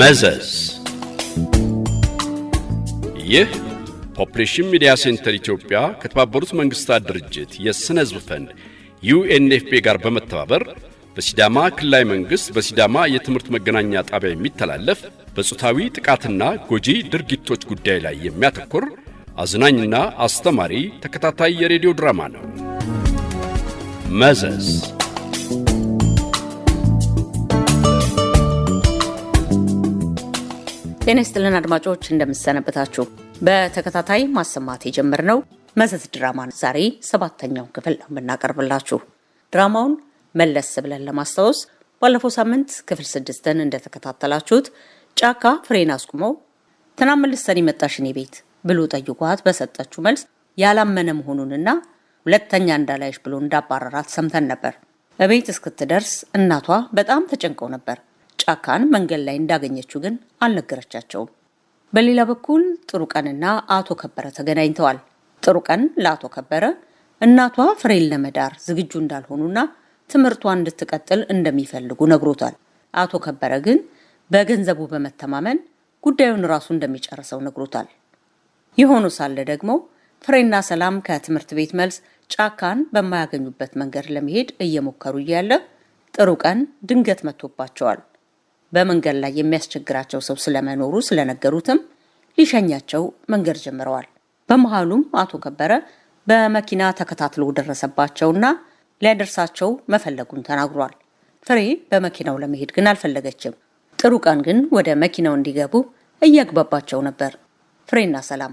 መዘዝ ይህ ፖፕሌሽን ሚዲያ ሴንተር ኢትዮጵያ ከተባበሩት መንግስታት ድርጅት የሥነ ሕዝብ ፈንድ ዩኤንኤፍፒ ጋር በመተባበር በሲዳማ ክልላዊ መንግስት በሲዳማ የትምህርት መገናኛ ጣቢያ የሚተላለፍ በጾታዊ ጥቃትና ጎጂ ድርጊቶች ጉዳይ ላይ የሚያተኩር አዝናኝና አስተማሪ ተከታታይ የሬዲዮ ድራማ ነው። መዘዝ ጤና ይስጥልን አድማጮች፣ እንደምሰነበታችሁ። በተከታታይ ማሰማት የጀመርነው መዘዝ ድራማ ዛሬ ሰባተኛው ክፍል ነው የምናቀርብላችሁ። ድራማውን መለስ ብለን ለማስታወስ ባለፈው ሳምንት ክፍል ስድስትን እንደተከታተላችሁት ጫካ ፍሬን አስቁሞ ትናንት መልሰን የመጣሽ እኔ ቤት ብሎ ጠይቋት በሰጠችው መልስ ያላመነ መሆኑንና ሁለተኛ እንዳላይሽ ብሎ እንዳባረራት ሰምተን ነበር። እቤት እስክትደርስ እናቷ በጣም ተጨንቀው ነበር። ጫካን መንገድ ላይ እንዳገኘችው ግን አልነገረቻቸውም። በሌላ በኩል ጥሩ ቀንና አቶ ከበረ ተገናኝተዋል። ጥሩ ቀን ለአቶ ከበረ እናቷ ፍሬን ለመዳር ዝግጁ እንዳልሆኑና ትምህርቷ እንድትቀጥል እንደሚፈልጉ ነግሮታል። አቶ ከበረ ግን በገንዘቡ በመተማመን ጉዳዩን ራሱ እንደሚጨርሰው ነግሮታል። የሆኑ ሳለ ደግሞ ፍሬና ሰላም ከትምህርት ቤት መልስ ጫካን በማያገኙበት መንገድ ለመሄድ እየሞከሩ እያለ ጥሩ ቀን ድንገት መጥቶባቸዋል። በመንገድ ላይ የሚያስቸግራቸው ሰው ስለመኖሩ ስለነገሩትም ሊሸኛቸው መንገድ ጀምረዋል። በመሃሉም አቶ ከበረ በመኪና ተከታትሎ ደረሰባቸውና ሊያደርሳቸው መፈለጉን ተናግሯል። ፍሬ በመኪናው ለመሄድ ግን አልፈለገችም። ጥሩ ቀን ግን ወደ መኪናው እንዲገቡ እያግባባቸው ነበር። ፍሬና ሰላም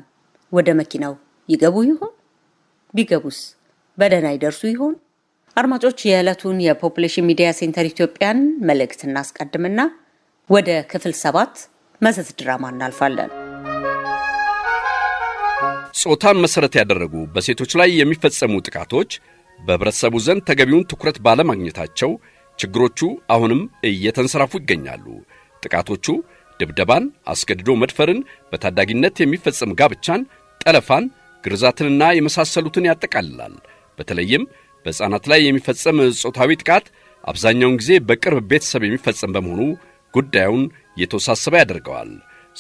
ወደ መኪናው ይገቡ ይሆን? ቢገቡስ በደህና ይደርሱ ይሆን? አድማጮች፣ የዕለቱን የፖፑሌሽን ሚዲያ ሴንተር ኢትዮጵያን መልእክት እናስቀድምና ወደ ክፍል ሰባት መዘዝ ድራማ እናልፋለን። ጾታን መሠረት ያደረጉ በሴቶች ላይ የሚፈጸሙ ጥቃቶች በህብረተሰቡ ዘንድ ተገቢውን ትኩረት ባለማግኘታቸው ችግሮቹ አሁንም እየተንሰራፉ ይገኛሉ። ጥቃቶቹ ድብደባን፣ አስገድዶ መድፈርን፣ በታዳጊነት የሚፈጸም ጋብቻን፣ ጠለፋን፣ ግርዛትንና የመሳሰሉትን ያጠቃልላል። በተለይም በሕፃናት ላይ የሚፈጸም ጾታዊ ጥቃት አብዛኛውን ጊዜ በቅርብ ቤተሰብ የሚፈጸም በመሆኑ ጉዳዩን የተወሳሰበ ያደርገዋል።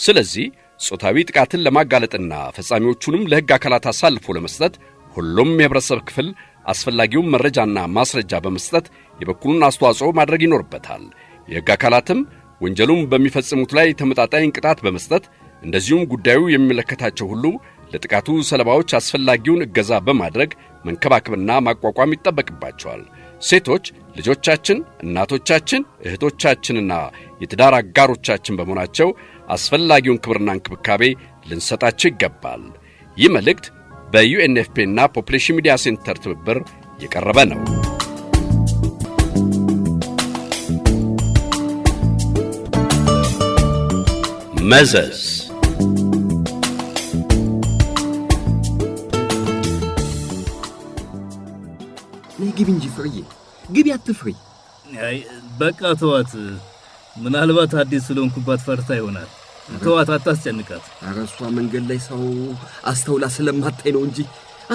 ስለዚህ ጾታዊ ጥቃትን ለማጋለጥና ፈጻሚዎቹንም ለሕግ አካላት አሳልፎ ለመስጠት ሁሉም የህብረተሰብ ክፍል አስፈላጊውን መረጃና ማስረጃ በመስጠት የበኩሉን አስተዋጽኦ ማድረግ ይኖርበታል። የሕግ አካላትም ወንጀሉን በሚፈጽሙት ላይ ተመጣጣኝ ቅጣት በመስጠት እንደዚሁም ጉዳዩ የሚመለከታቸው ሁሉ ለጥቃቱ ሰለባዎች አስፈላጊውን እገዛ በማድረግ መንከባከብና ማቋቋም ይጠበቅባቸዋል። ሴቶች ልጆቻችን፣ እናቶቻችን፣ እህቶቻችንና የትዳር አጋሮቻችን በመሆናቸው አስፈላጊውን ክብርና እንክብካቤ ልንሰጣቸው ይገባል። ይህ መልእክት በዩኤንኤፍፒ እና ፖፑሌሽን ሚዲያ ሴንተር ትብብር የቀረበ ነው። መዘዝ ግቢ እንጂ ፍርዬ፣ ግቢ አትፍሪ። አይ በቃ ተዋት። ምናልባት አዲስ ስለሆንኩባት ፈርታ ይሆናል። ተዋት፣ አታስጨንቃት። ኧረ እሷ መንገድ ላይ ሰው አስተውላ ስለማታይ ነው እንጂ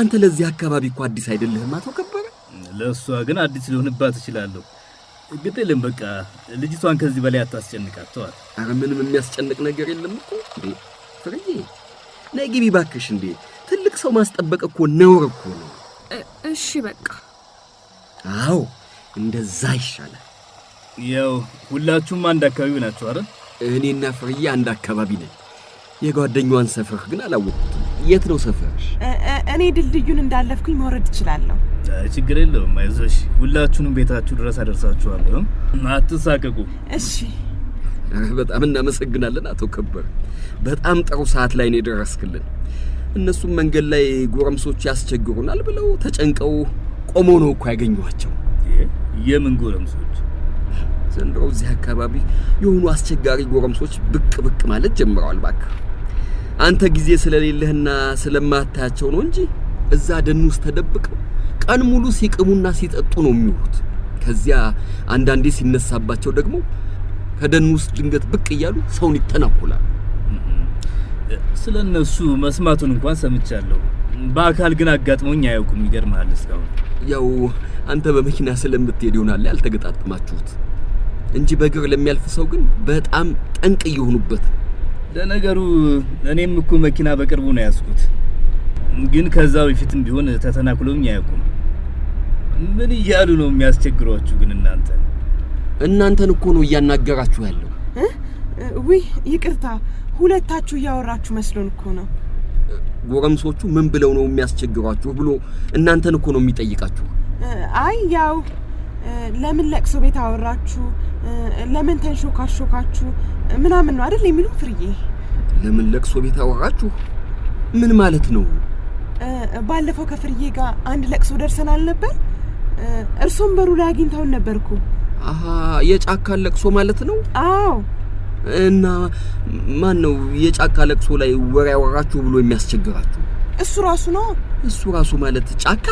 አንተ ለዚህ አካባቢ እኮ አዲስ አይደለህም አቶ ከበረ። ለእሷ ግን አዲስ ሊሆንባት እችላለሁ። ግጥልም በቃ ልጅቷን ከዚህ በላይ አታስጨንቃት፣ ተዋት። ኧረ ምንም የሚያስጨንቅ ነገር የለም እኮ እንዴ ፍርዬ፣ ነይ ግቢ እንዴ ትልቅ ሰው ማስጠበቅ እኮ ነውር እኮ ነው። እሺ በቃ አዎ እንደዛ ይሻላል። ያው ሁላችሁም አንድ አካባቢ ናችሁ አይደል? እኔና ፍርዬ አንድ አካባቢ ነን። የጓደኛዋን ሰፈርህ ግን አላወቅኩትም። የት ነው ሰፈርሽ? እኔ ድልድዩን እንዳለፍኩኝ መውረድ እችላለሁ። ችግር የለውም፣ አይዞሽ። ሁላችሁንም ቤታችሁ ድረስ አደርሳችኋለሁ። አትሳቀቁ። እሺ። በጣም እናመሰግናለን አቶ ከበር። በጣም ጥሩ ሰዓት ላይ ነው የደረስክልን። እነሱም መንገድ ላይ ጎረምሶች ያስቸግሩናል ብለው ተጨንቀው ቆመው ነው እኮ ያገኘኋቸው። የምን ጎረምሶች? ዘንድሮ እዚህ አካባቢ የሆኑ አስቸጋሪ ጎረምሶች ብቅ ብቅ ማለት ጀምረዋል። እባክህ አንተ ጊዜ ስለሌለህና ስለማታያቸው ነው እንጂ እዛ ደን ውስጥ ተደብቀው ቀን ሙሉ ሲቅሙና ሲጠጡ ነው የሚውሉት። ከዚያ አንዳንዴ ሲነሳባቸው ደግሞ ከደን ውስጥ ድንገት ብቅ እያሉ ሰውን ይተናኩላል። ስለ እነሱ መስማቱን እንኳን ሰምቻለሁ፣ በአካል ግን አጋጥሞኝ አያውቁም። ይገርምሃል እስካሁን ያው አንተ በመኪና ስለምትሄድ ይሆናል ያልተገጣጠማችሁት እንጂ በእግር ለሚያልፍ ሰው ግን በጣም ጠንቅ እየሆኑበት። ለነገሩ እኔም እኮ መኪና በቅርቡ ነው ያዝኩት፣ ግን ከዛ በፊትም ቢሆን ተተናክሎኝ አያውቁም። ምን እያሉ ነው የሚያስቸግሯችሁ? ግን እናንተ እናንተን እኮ ነው እያናገራችሁ ያለው። ውይ ይቅርታ፣ ሁለታችሁ እያወራችሁ መስሎን እኮ ነው ጎረምሶቹ ምን ብለው ነው የሚያስቸግሯችሁ ብሎ እናንተን እኮ ነው የሚጠይቃችሁ። አይ ያው ለምን ለቅሶ ቤት አወራችሁ፣ ለምን ተንሾካሾካችሁ ምናምን ነው አይደል የሚሉ ፍርዬ ለምን ለቅሶ ቤት አወራችሁ ምን ማለት ነው? ባለፈው ከፍርዬ ጋር አንድ ለቅሶ ደርሰናል ነበር። እርሶም በሩ ላይ አግኝተውን ነበርኩ። አሀ የጫካን ለቅሶ ማለት ነው። አዎ እና ማን ነው የጫካ ለቅሶ ላይ ወሬ ያወራችሁ ብሎ የሚያስቸግራችሁ? እሱ ራሱ ነው። እሱ ራሱ ማለት ጫካ?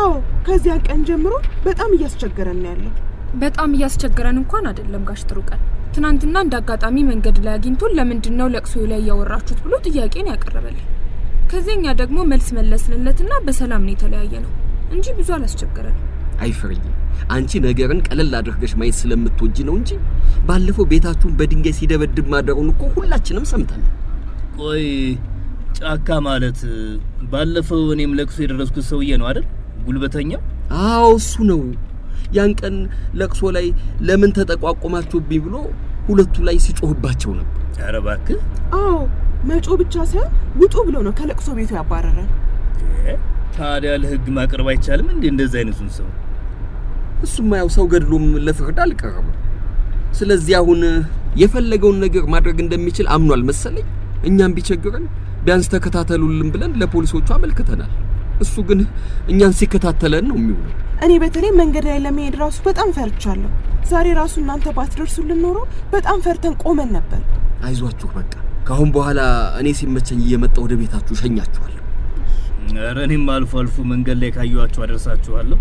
አዎ፣ ከዚያ ቀን ጀምሮ በጣም እያስቸገረን ያለው። በጣም እያስቸገረን እንኳን አይደለም ጋሽ ጥሩ ቀን ትናንትና እንደ አጋጣሚ መንገድ ላይ አግኝቶን ለምንድን ነው ለቅሶ ላይ እያወራችሁት ብሎ ጥያቄን ያቀረበልን። ከዚያ ደግሞ መልስ መለስንለትና በሰላም ነው የተለያየ ነው እንጂ ብዙ አላስቸገረንም። አይ አንቺ ነገርን ቀለል አድርገሽ ማየት ስለምትወጂ ነው እንጂ ባለፈው ቤታችሁን በድንጋይ ሲደበድብ ማደሩን እኮ ሁላችንም ሰምተናል። ቆይ ጫካ ማለት ባለፈው እኔም ለቅሶ የደረስኩት ሰውዬ ነው አይደል? ጉልበተኛው። አዎ እሱ ነው። ያን ቀን ለቅሶ ላይ ለምን ተጠቋቁማችሁብኝ ብሎ ሁለቱ ላይ ሲጮህባቸው ነበር። ኧረ እባክህ። አዎ መጮ ብቻ ሳይሆን ውጡ ብሎ ነው ከለቅሶ ቤቱ ያባረረ። ታዲያ ለህግ ማቅረብ አይቻልም እንዴ እንደዚህ አይነቱን ሰው? እሱማ ያው ሰው ገድሎም ለፍርድ አልቀረም። ስለዚህ አሁን የፈለገውን ነገር ማድረግ እንደሚችል አምኗል መሰለኝ። እኛም ቢቸግረን ቢያንስ ተከታተሉልን ብለን ለፖሊሶቹ አመልክተናል። እሱ ግን እኛን ሲከታተለን ነው የሚውለው። እኔ በተለይ መንገድ ላይ ለመሄድ ራሱ በጣም ፈርቻለሁ። ዛሬ ራሱ እናንተ ባትደርሱልን ኖሮ በጣም ፈርተን ቆመን ነበር። አይዟችሁ በቃ ከአሁን በኋላ እኔ ሲመቸኝ እየመጣ ወደ ቤታችሁ ሸኛችኋለሁ። ኧረ እኔም አልፎ አልፎ መንገድ ላይ ካየኋችሁ አደርሳችኋለሁ።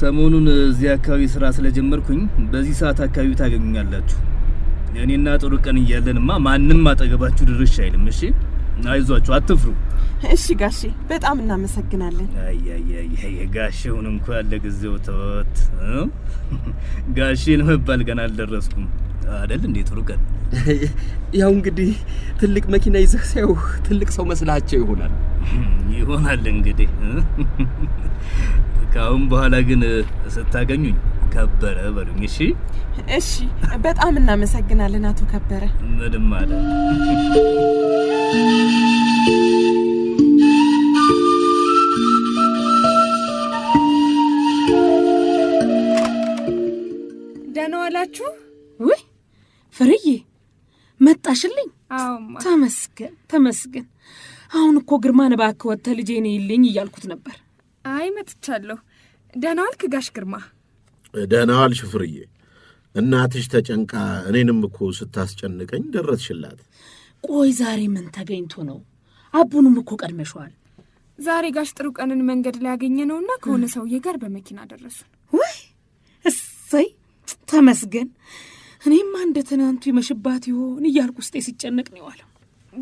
ሰሞኑን እዚህ አካባቢ ስራ ስለጀመርኩኝ በዚህ ሰዓት አካባቢ ታገኙኛላችሁ። እኔና ጥሩ ቀን እያለንማ ማንም አጠገባችሁ ድርሽ አይልም። እሺ፣ አይዟችሁ፣ አትፍሩ። እሺ ጋሼ፣ በጣም እናመሰግናለን። አያያያ ሁን እንኳን ለጊዜው ተወት። ጋሼ ለመባል ገና አልደረስኩም አይደል እንዴ? ጥሩ ቀን፣ ያው እንግዲህ ትልቅ መኪና ይዘህ ሰው ትልቅ ሰው መስላቸው ይሆናል። ይሆናል እንግዲህ ከአሁን በኋላ ግን ስታገኙኝ ከበረ በሉኝ። እሺ፣ እሺ። በጣም እናመሰግናለን አቶ ከበረ። ምንም አለ። ደህና ዋላችሁ? ውይ ፍርዬ መጣሽልኝ። ተመስገን፣ ተመስገን። አሁን እኮ ግርማ ንባክ ወጥተ ልጄ እኔ ይልኝ እያልኩት ነበር አይ መጥቻለሁ። ደህና ዋልክ ጋሽ ግርማ? ደህና ዋልሽ ሽፍርዬ። እናትሽ ተጨንቃ እኔንም እኮ ስታስጨንቀኝ ደረስሽላት። ቆይ ዛሬ ምን ተገኝቶ ነው? አቡንም እኮ ቀድመሸዋል። ዛሬ ጋሽ ጥሩ ቀንን መንገድ ላይ ያገኘ ነውና ከሆነ ሰውዬ ጋር በመኪና ደረሱን። ወይ እሰይ ተመስገን። እኔማ እንደ ትናንቱ የመሽባት ይሆን እያልኩ ውስጤ ሲጨነቅ ነው የዋለው።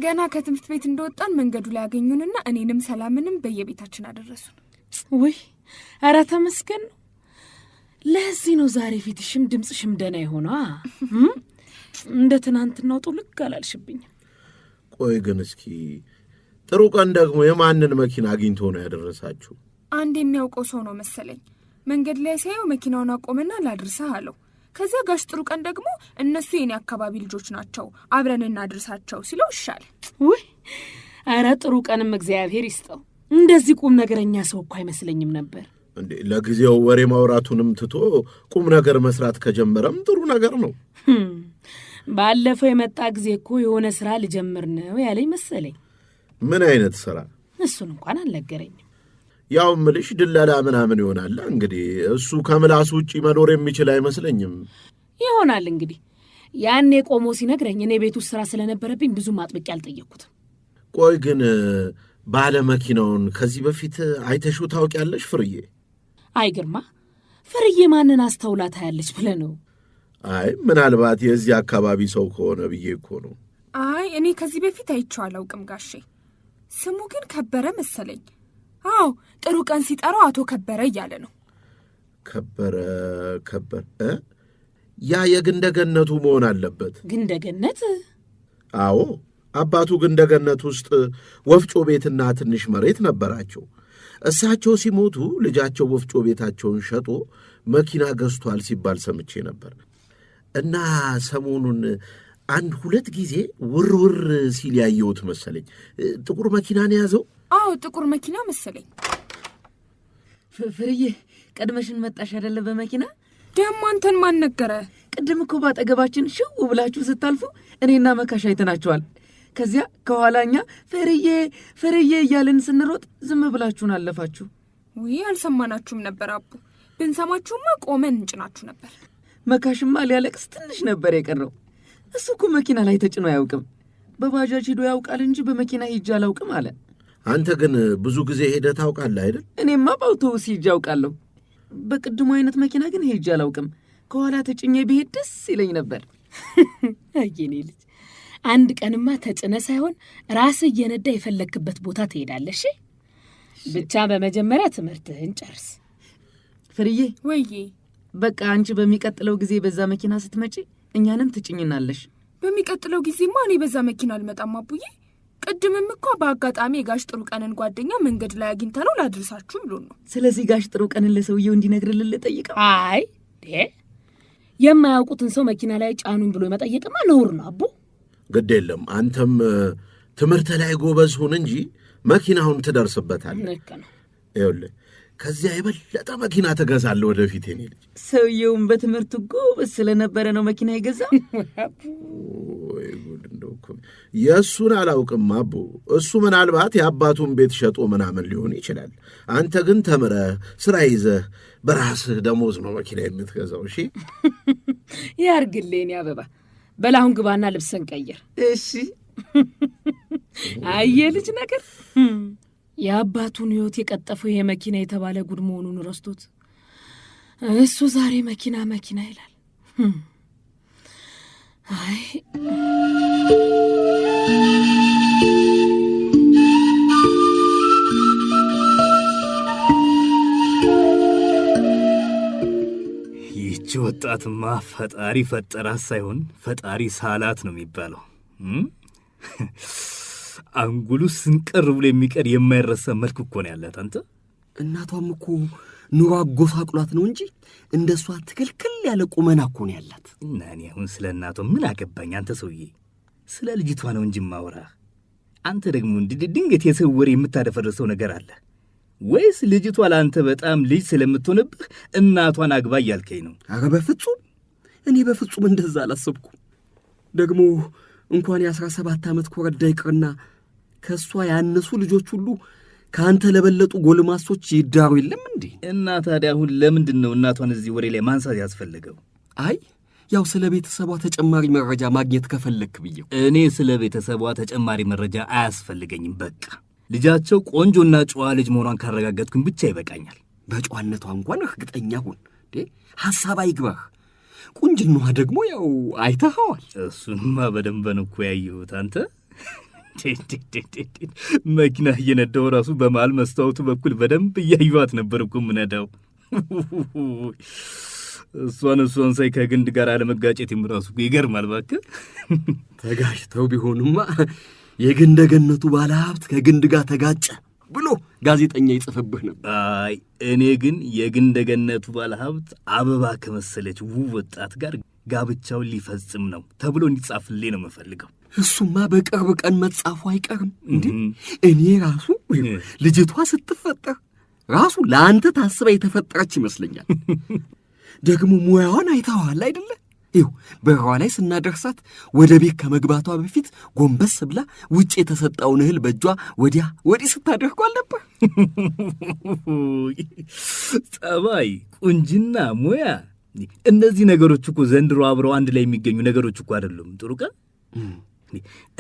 ገና ከትምህርት ቤት እንደወጣን መንገዱ ላይ ያገኙንና እኔንም ሰላምንም በየቤታችን አደረሱን። ውይ ኧረ ተመስገን ነው። ለዚህ ነው ዛሬ ፊትሽም ድምፅሽም ደህና የሆነ እንደ ትናንትናው ልክ አላልሽብኝም። ቆይ ግን እስኪ ጥሩ ቀን ደግሞ የማንን መኪና አግኝቶ ነው ያደረሳችሁ? አንድ የሚያውቀው ሰው ነው መሰለኝ። መንገድ ላይ ሲያየው መኪናውን አቆመና ላድርስህ አለው። ከዚያ ጋሽ ጥሩ ቀን ደግሞ እነሱ የኔ አካባቢ ልጆች ናቸው አብረን እናድርሳቸው ሲለው ይሻል። ውይ ኧረ ጥሩ ቀንም እግዚአብሔር ይስጠው። እንደዚህ ቁም ነገረኛ ሰው እኮ አይመስለኝም ነበር። እንዴ ለጊዜው ወሬ ማውራቱንም ትቶ ቁም ነገር መስራት ከጀመረም ጥሩ ነገር ነው። ባለፈው የመጣ ጊዜ እኮ የሆነ ስራ ልጀምር ነው ያለኝ መሰለኝ። ምን አይነት ስራ? እሱን እንኳን አልነገረኝም። ያው ምልሽ ድለላ ምናምን ይሆናል እንግዲህ። እሱ ከምላስ ውጪ መኖር የሚችል አይመስለኝም። ይሆናል እንግዲህ። ያኔ ቆሞ ሲነግረኝ እኔ ቤት ውስጥ ስራ ስለነበረብኝ ብዙም አጥብቄ አልጠየቅኩትም። ቆይ ግን ባለ መኪናውን ከዚህ በፊት አይተሽው ታውቂያለሽ ፍርዬ? አይ ግርማ፣ ፍርዬ ማንን አስተውላ ታያለች ብለህ ነው? አይ ምናልባት የዚህ አካባቢ ሰው ከሆነ ብዬ እኮ ነው። አይ እኔ ከዚህ በፊት አይቼው አላውቅም ጋሼ። ስሙ ግን ከበረ መሰለኝ። አዎ ጥሩ ቀን ሲጠራው አቶ ከበረ እያለ ነው። ከበረ ከበረ እ ያ የግንደገነቱ መሆን አለበት። ግንደገነት? አዎ አባቱ ግን ደገነት ውስጥ ወፍጮ ቤትና ትንሽ መሬት ነበራቸው። እሳቸው ሲሞቱ ልጃቸው ወፍጮ ቤታቸውን ሸጦ መኪና ገዝቷል ሲባል ሰምቼ ነበር እና ሰሞኑን አንድ ሁለት ጊዜ ውርውር ሲል ያየሁት መሰለኝ። ጥቁር መኪና ነው ያዘው? አዎ ጥቁር መኪና መሰለኝ። ፍርዬ ቀድመሽን መጣሽ አይደለ? በመኪና ደሞ አንተን ማን ነገረ? ቅድም እኮ ባጠገባችን ሽው ብላችሁ ስታልፉ እኔና መካሽ አይተናችኋል። ከዚያ ከኋላኛ ፈርዬ ፈርዬ እያልን ስንሮጥ ዝም ብላችሁን አለፋችሁ። ውይ አልሰማናችሁም ነበር አቡ። ብንሰማችሁማ ቆመን እንጭናችሁ ነበር። መካሽማ ሊያለቅስ ትንሽ ነበር የቀረው። እሱ እኮ መኪና ላይ ተጭኖ አያውቅም። በባጃጅ ሂዶ ያውቃል እንጂ በመኪና ሂጅ አላውቅም አለ። አንተ ግን ብዙ ጊዜ ሄደህ ታውቃለህ አይደል? እኔማ በአውቶቡስ ሂጅ አውቃለሁ። በቅድሙ አይነት መኪና ግን ሄጅ አላውቅም። ከኋላ ተጭኜ ብሄድ ደስ ይለኝ ነበር። አየኔ ልጅ አንድ ቀንማ ተጭነ ሳይሆን ራስ እየነዳ የፈለግክበት ቦታ ትሄዳለሽ። ብቻ በመጀመሪያ ትምህርትህን ጨርስ። ፍርዬ ወይ በቃ አንቺ በሚቀጥለው ጊዜ በዛ መኪና ስትመጪ እኛንም ትጭኝናለሽ። በሚቀጥለው ጊዜማ እኔ በዛ መኪና አልመጣም አቡዬ። ቅድምም እኮ በአጋጣሚ የጋሽ ጥሩ ቀንን ጓደኛ መንገድ ላይ አግኝተ ነው ላድርሳችሁ ብሎ ነው። ስለዚህ ጋሽ ጥሩ ቀንን ለሰውየው እንዲነግርልን ልጠይቀው። አይ የማያውቁትን ሰው መኪና ላይ ጫኑን ብሎ መጠየቅማ ነውር ነው አቡ። ግድ የለም አንተም ትምህርት ላይ ጎበዝ ሁን እንጂ መኪናውን ትደርስበታለህ። ይኸውልህ ከዚያ የበለጠ መኪና ትገዛለህ ወደፊት። የኔ ልጅ ሰውየውም በትምህርቱ ጎበዝ ስለነበረ ነው መኪና ይገዛ። የእሱን አላውቅም አቦ። እሱ ምናልባት የአባቱን ቤት ሸጦ ምናምን ሊሆን ይችላል። አንተ ግን ተምረህ ስራ ይዘህ በራስህ ደሞዝ ነው መኪና የምትገዛው። እሺ ያርግልህ አበባ በላሁን ግባና ልብሰን ቀይር። እሺ። አየ ልጅ ነገር የአባቱን ሕይወት የቀጠፈው ይሄ መኪና የተባለ ጉድ መሆኑን ረስቶት እሱ ዛሬ መኪና መኪና ይላል። አይ ወጣትማ ፈጣሪ ፈጠራት ሳይሆን ፈጣሪ ሳላት ነው የሚባለው። አንጉሉ ስንቀር ብሎ የሚቀር የማይረሳ መልክ እኮ ነው ያላት። አንተ እናቷም እኮ ኑሮ አጎሳቅሏት ነው እንጂ እንደ እሷ ትክልክል ያለ ቁመና እኮ ነው ያላት። እና እኔ አሁን ስለ እናቷ ምን አገባኝ? አንተ ሰውዬ ስለ ልጅቷ ነው እንጂ ማውራ። አንተ ደግሞ ድንገት የሰው ወሬ የምታደፈርሰው ነገር አለ። ወይስ ልጅቷ ለአንተ በጣም ልጅ ስለምትሆንብህ እናቷን አግባ እያልከኝ ነው? አረ በፍጹም እኔ በፍጹም እንደዛ አላሰብኩም። ደግሞ እንኳን የአስራ ሰባት ዓመት ኮረዳ ይቅርና ከእሷ ያነሱ ልጆች ሁሉ ከአንተ ለበለጡ ጎልማሶች ይዳሩ የለም እንዴ? እና ታዲያ አሁን ለምንድን ነው እናቷን እዚህ ወሬ ላይ ማንሳት ያስፈለገው? አይ ያው ስለ ቤተሰቧ ተጨማሪ መረጃ ማግኘት ከፈለግክ ብዬው። እኔ ስለ ቤተሰቧ ተጨማሪ መረጃ አያስፈልገኝም በቃ ልጃቸው ቆንጆና ጨዋ ልጅ መሆኗን ካረጋገጥኩኝ ብቻ ይበቃኛል። በጨዋነቷ እንኳን እርግጠኛ ሁን። ሐሳብ አይግባህ። ቁንጅናዋ ደግሞ ያው አይተኸዋል። እሱንማ በደንብ ነው እኮ ያየሁት። አንተ መኪና እየነዳው ራሱ በመሃል መስታወቱ በኩል በደንብ እያዩዋት ነበር እኮ የምነዳው። እሷን እሷን ሳይ ከግንድ ጋር አለመጋጨት የምራሱ ይገርማል። እባክህ ተጋጭተው ቢሆኑማ የግንደ ገነቱ ባለሀብት ከግንድ ጋር ተጋጨ ብሎ ጋዜጠኛ ይጽፍብህ ነበር። አይ እኔ ግን የግንደ ገነቱ ባለሀብት አበባ ከመሰለች ውብ ወጣት ጋር ጋብቻውን ሊፈጽም ነው ተብሎ እንዲጻፍልኝ ነው የምፈልገው። እሱማ በቅርብ ቀን መጻፉ አይቀርም እንዴ? እኔ ራሱ ልጅቷ ስትፈጠር ራሱ ለአንተ ታስባ የተፈጠረች ይመስለኛል። ደግሞ ሙያዋን አይተዋል አይደለ? ይሁ በውሃ ላይ ስናደርሳት ወደ ቤት ከመግባቷ በፊት ጎንበስ ብላ ውጭ የተሰጠውን እህል በእጇ ወዲያ ወዲህ ስታደርጉ አልነበር? ጸባይ፣ ቁንጅና፣ ሙያ፣ እነዚህ ነገሮች እኮ ዘንድሮ አብረው አንድ ላይ የሚገኙ ነገሮች እኮ አይደሉም። ጥሩ ቀን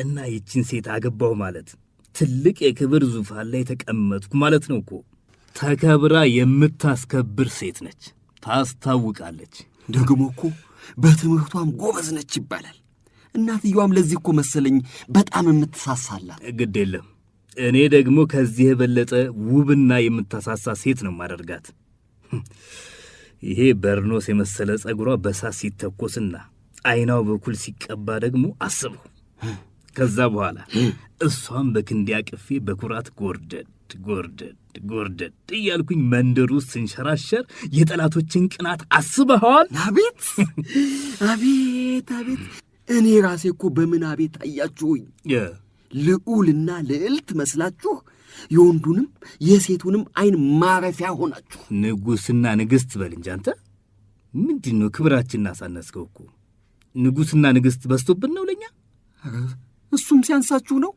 እና ይችን ሴት አገባሁ ማለት ትልቅ የክብር ዙፋን ላይ ተቀመጥኩ ማለት ነው እኮ። ተከብራ የምታስከብር ሴት ነች፣ ታስታውቃለች። ደግሞ እኮ በትምህርቷም ጎበዝ ነች ይባላል። እናትየዋም ለዚህ እኮ መሰለኝ በጣም የምትሳሳላት። ግድ የለም እኔ ደግሞ ከዚህ የበለጠ ውብና የምታሳሳ ሴት ነው ማደርጋት። ይሄ በርኖስ የመሰለ ጸጉሯ በሳት ሲተኮስና አይናው በኩል ሲቀባ ደግሞ አስበው። ከዛ በኋላ እሷም በክንዲያ ቅፌ በኩራት ጎርደድ ጎርደድ ጎርደድ እያልኩኝ መንደር ውስጥ ስንሸራሸር የጠላቶችን ቅናት አስበኸዋል? አቤት አቤት አቤት! እኔ ራሴ እኮ በምን አቤት አያችሁኝ። ልዑልና ልዕልት መስላችሁ የወንዱንም የሴቱንም አይን ማረፊያ ሆናችሁ። ንጉሥና ንግሥት በል እንጂ አንተ ምንድን ነው ክብራችን አሳነስከው እኮ። ንጉሥና ንግሥት በዝቶብን ነው ለእኛ። እሱም ሲያንሳችሁ ነው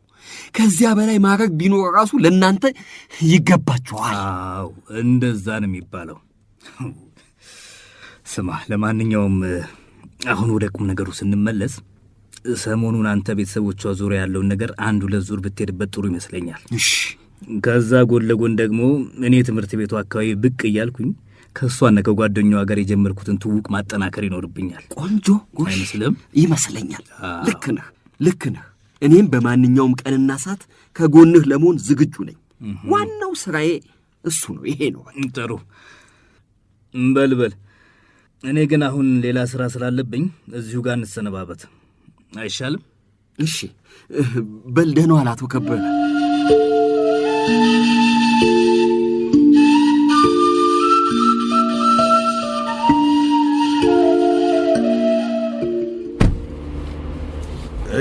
ከዚያ በላይ ማረግ ቢኖር ራሱ ለእናንተ ይገባችኋል። እንደዛ ነው የሚባለው። ስማ፣ ለማንኛውም አሁን ወደ ቁም ነገሩ ስንመለስ ሰሞኑን አንተ ቤተሰቦቿ ዙሪያ ያለውን ነገር አንድ ሁለት ዙር ብትሄድበት ጥሩ ይመስለኛል። ከዛ ጎን ለጎን ደግሞ እኔ ትምህርት ቤቱ አካባቢ ብቅ እያልኩኝ ከእሷና ከጓደኛዋ ጋር የጀመርኩትን ትውቅ ማጠናከር ይኖርብኛል። ቆንጆ አይመስልም? ይመስለኛል። ልክ ነህ፣ ልክ ነህ። እኔም በማንኛውም ቀንና ሰዓት ከጎንህ ለመሆን ዝግጁ ነኝ። ዋናው ስራዬ እሱ ነው። ይሄ ነው ጥሩ። በልበል። እኔ ግን አሁን ሌላ ስራ ስላለብኝ እዚሁ ጋር እንሰነባበት አይሻልም? እሺ በል። ደህና ዋል አቶ ከበደ።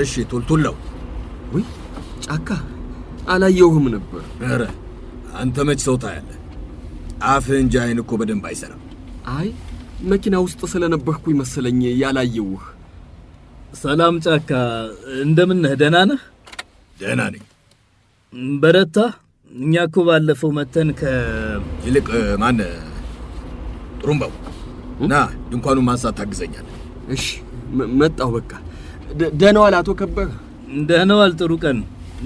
እሺ ቱልቱላው። ውይ ጫካ አላየሁህም ነበር። ኧረ አንተ መች ሰው ታያለህ? አፍህ እንጂ አይን እኮ በደንብ አይሰራም። አይ መኪና ውስጥ ስለነበርኩ ይመስለኝ ያላየውህ። ሰላም ጫካ፣ እንደምን ነህ? ደህና ነህ? ደህና ነኝ። በረታ። እኛ እኮ ባለፈው መተን ከ ይልቅ ማን ጥሩምባው፣ ና ድንኳኑን ማንሳት ታግዘኛለህ? እሺ መጣሁ በቃ ደህና ዋል አቶ ከበደ። ደህና ዋል። ጥሩ ቀን።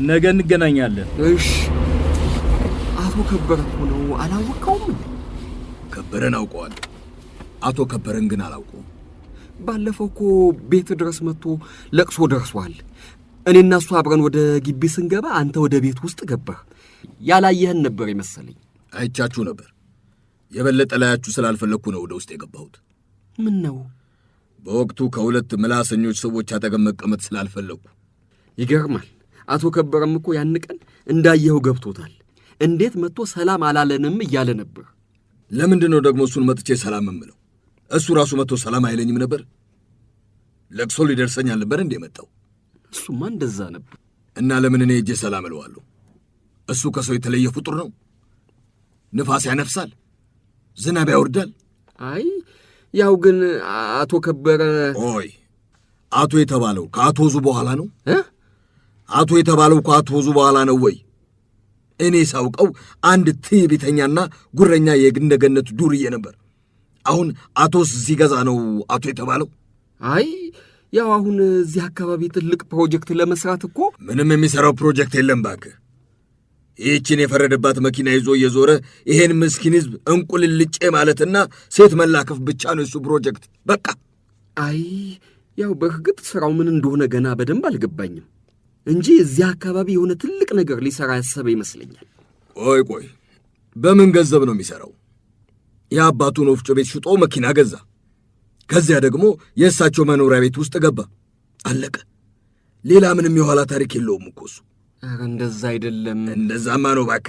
ነገ እንገናኛለን። እሺ። አቶ ከበረ እኮ ነው አላወቀውም። ከበረን አውቀዋለሁ፣ አቶ ከበረን ግን አላውቀውም። ባለፈው እኮ ቤት ድረስ መጥቶ ለቅሶ ደርሷል። እኔና እሱ አብረን ወደ ግቢ ስንገባ አንተ ወደ ቤት ውስጥ ገባህ። ያላየህን ነበር የመሰለኝ። አይቻችሁ ነበር። የበለጠ ላያችሁ ስላልፈለግኩ ነው ወደ ውስጥ የገባሁት። ምን ነው በወቅቱ ከሁለት ምላሰኞች ሰዎች አጠገብ መቀመጥ ስላልፈለግኩ። ይገርማል። አቶ ከበረም እኮ ያን ቀን እንዳየኸው ገብቶታል። እንዴት መጥቶ ሰላም አላለንም እያለ ነበር። ለምንድን ነው ደግሞ እሱን መጥቼ ሰላም የምለው? እሱ ራሱ መጥቶ ሰላም አይለኝም ነበር። ለቅሶ ሊደርሰኝ አልነበር እንዴ መጣው? እሱማ እንደዛ ነበር። እና ለምን እኔ እጄ ሰላም እለዋለሁ? እሱ ከሰው የተለየ ፍጡር ነው። ንፋስ ያነፍሳል፣ ዝናብ ያወርዳል። አይ ያው ግን አቶ ከበረ ኦይ አቶ የተባለው ከአቶ ዙ በኋላ ነው። አቶ የተባለው ከአቶ ዙ በኋላ ነው ወይ? እኔ ሳውቀው አንድ ትዕቢተኛና ጉረኛ የግንደገነት ዱርዬ ነበር። አሁን አቶስ ሲገዛ ነው አቶ የተባለው። አይ ያው አሁን እዚህ አካባቢ ትልቅ ፕሮጀክት ለመስራት እኮ ምንም የሚሠራው ፕሮጀክት የለም እባክህ ይህችን የፈረደባት መኪና ይዞ እየዞረ ይሄን ምስኪን ህዝብ እንቁልልጬ ማለትና ሴት መላከፍ ብቻ ነው የሱ ፕሮጀክት በቃ። አይ ያው በእርግጥ ሥራው ምን እንደሆነ ገና በደንብ አልገባኝም እንጂ እዚህ አካባቢ የሆነ ትልቅ ነገር ሊሠራ ያሰበ ይመስለኛል። ቆይ ቆይ፣ በምን ገንዘብ ነው የሚሠራው? የአባቱን ወፍጮ ቤት ሽጦ መኪና ገዛ። ከዚያ ደግሞ የእሳቸው መኖሪያ ቤት ውስጥ ገባ። አለቀ። ሌላ ምንም የኋላ ታሪክ የለውም እኮ እሱ። እንደዛ አይደለም። እንደዛማ ነው ባክ።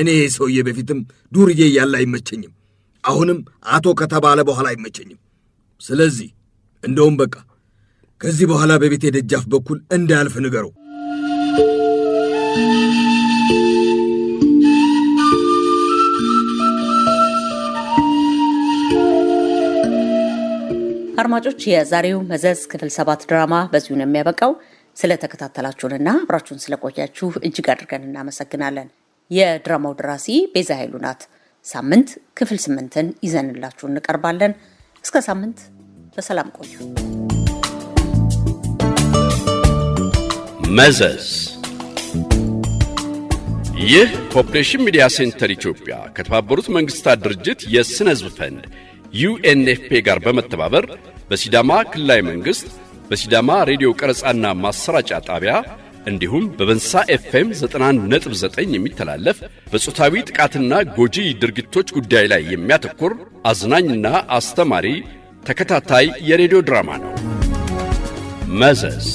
እኔ ሰውዬ በፊትም ዱርዬ እያለ አይመቸኝም፣ አሁንም አቶ ከተባለ በኋላ አይመቸኝም። ስለዚህ እንደውም በቃ ከዚህ በኋላ በቤቴ ደጃፍ በኩል እንዳያልፍ ንገረው። አድማጮች፣ የዛሬው መዘዝ ክፍል ሰባት ድራማ በዚሁ ነው የሚያበቃው። ስለተከታተላችሁንና አብራችሁን ስለቆያችሁ እጅግ አድርገን እናመሰግናለን። የድራማው ደራሲ ቤዛ ኃይሉ ናት። ሳምንት ክፍል ስምንትን ይዘንላችሁ እንቀርባለን። እስከ ሳምንት በሰላም ቆዩ። መዘዝ ይህ ፖፕሌሽን ሚዲያ ሴንተር ኢትዮጵያ ከተባበሩት መንግሥታት ድርጅት የሥነ ሕዝብ ፈንድ ዩኤንኤፍፔ ጋር በመተባበር በሲዳማ ክልላዊ መንግሥት በሲዳማ ሬዲዮ ቀረጻና ማሰራጫ ጣቢያ እንዲሁም በበንሳ ኤፍኤም 91.9 የሚተላለፍ በጾታዊ ጥቃትና ጎጂ ድርጊቶች ጉዳይ ላይ የሚያተኩር አዝናኝና አስተማሪ ተከታታይ የሬዲዮ ድራማ ነው። መዘዝ